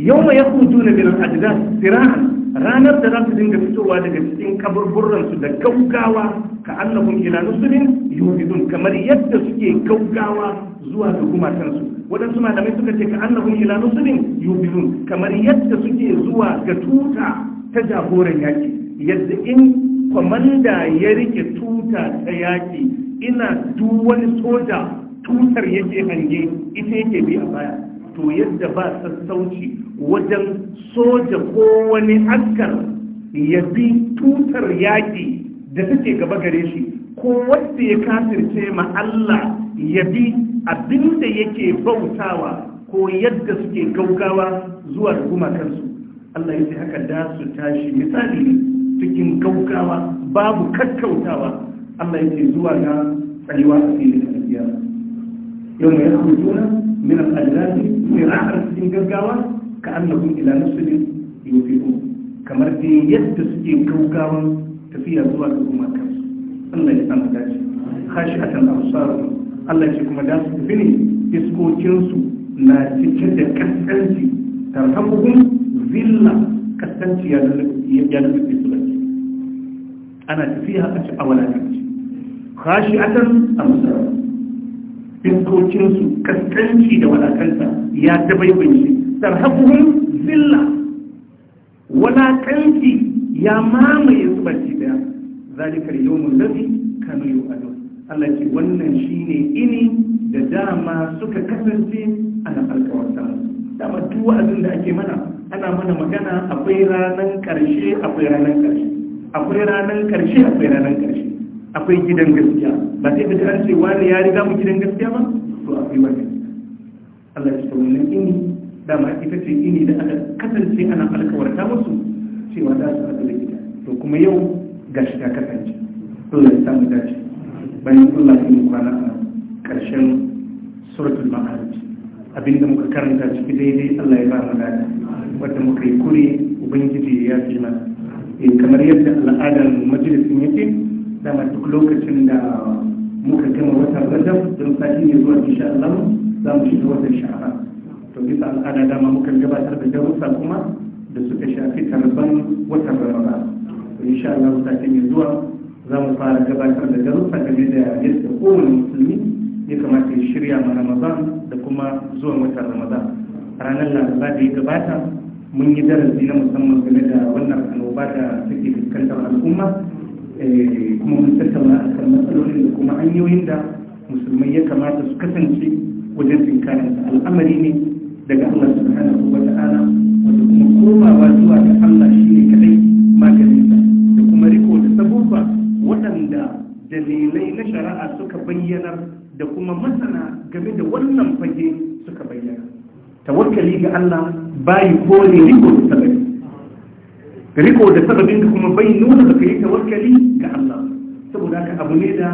yau mai yaku juna bin adida sirahan ranar da za su dinga fitowa daga cikin kaburburansu da gaugawa ka annahun ila nusulin yuridun kamar yadda suke gaugawa zuwa ga gumatansu waɗansu malamai suka ce ka annahun ila nusulin yuridun kamar yadda suke zuwa ga tuta ta jagoran yaki yadda in kwamanda ya rike tuta ta yaƙi ina duk wani soja tutar yake hange ita yake bi a baya to yadda ba sassauci wajen soja ko wani askar ya bi tutar yaƙi da suke gaba gare shi ko wanda ya kafirce ma Allah ya bi abinda yake bautawa ko yadda suke gaugawa zuwa da kansu Allah ya ce haka da su tashi misali cikin gaugawa babu kakkautawa Allah yake zuwa ga tsayuwa a filin alkiya yau mai rubutuna min al'adadi mai ra'ar cikin gaggawa ka annabun ila nusuli yufi'u kamar dai yadda suke gaugawan tafiya zuwa ga kuma kansu Allah ya san da shi khashi'atan absar Allah ya kuma da su tafi ne Iskokinsu na cike da kaskanci tarhamuhum zilla kaskanci ya da ya da ana tafiya a ci a walakanci kashi akan a musamman fiskocinsu kaskanci da walakanta ya dabaibanci sarhafuhun zilla walakanci ya mamaye su daya zalikar yawon lafi kanu yau ado Allah ce wannan shine ini da dama suka kasance ana alkawarta dama duk wa'azin da ake mana ana mana magana akwai ranar karshe akwai ranar karshe akwai ranar karshe akwai ranar karshe akwai gidan gaskiya ba sai da an ce wani ya riga mu gidan gaskiya ba to akwai wani Allah ya tsawon nan ini ma ita ce ini da aka kasance ana alkawarta musu cewa za su haɗu da gida to kuma yau gashi ta kasance to ya samu dace bayan Allah ya yi kwana a ƙarshen suratul ma'arij abinda muka karanta ciki daidai Allah ya ba mu dace wanda muka yi kure ubangiji ya fi mana Eh, kamar yadda al'adar majalisun yake dama duk lokacin da muka gama watan rajab don sati ne zuwa insha Allah za mu shiga watan sha'ara to bisa al'ada dama muka gabatar da darussa kuma da suka shafi tarban watan ramadan to insha Allah sati ne zuwa za mu fara gabatar da darussa game da yadda kowane musulmi ya kamata ya shirya ma ramadan da kuma zuwa watan ramadan ranar laraba da ya gabata mun yi darasi na musamman game da wannan annoba da suke fuskantar al'umma eh, kuma mun tattauna a kan matsalolin da kuma hanyoyin da musulmai ya kamata su kasance wajen tinkarar al'amari ne daga Allah subhanahu wa ta'ala wanda kuma komawa zuwa ga Allah shi ne kadai maganinsa da kuma riko da sabuwa waɗanda dalilai na shari'a suka bayyanar da kuma masana game da wannan fage suka bayyana tawakkali ga Allah ko ne riko da sababi riko da sababin kuma bai nuna da kai tawakkali ga Allah saboda ka abu ne da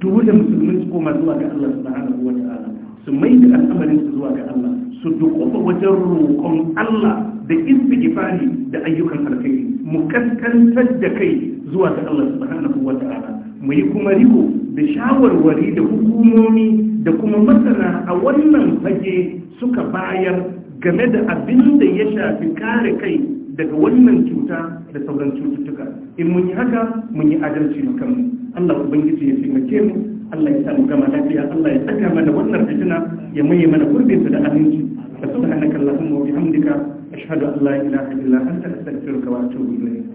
dole musulmi su koma zuwa ga Allah subhanahu wa ta'ala su mai da al'amarin su zuwa ga Allah su dukufa wajen roƙon Allah da istighfari da ayyukan alkhairi mu kaskantar da kai zuwa ga Allah subhanahu wa ta'ala mu yi kuma riko da shawarwari da hukumomi da kuma masana a wannan fage suka bayar game da abin da ya shafi kare kai daga wannan cuta da sauran cututtuka in mun yi haka mun yi adalci ma kanmu Allah ubangiji ya taimake mu Allah ya samu gama lafiya Allah ya saka mana wannan fitina ya maye mana gurbin su da aminci subhanakallahumma wa bihamdika ashhadu an la ilaha illa anta astaghfiruka wa atubu ilayk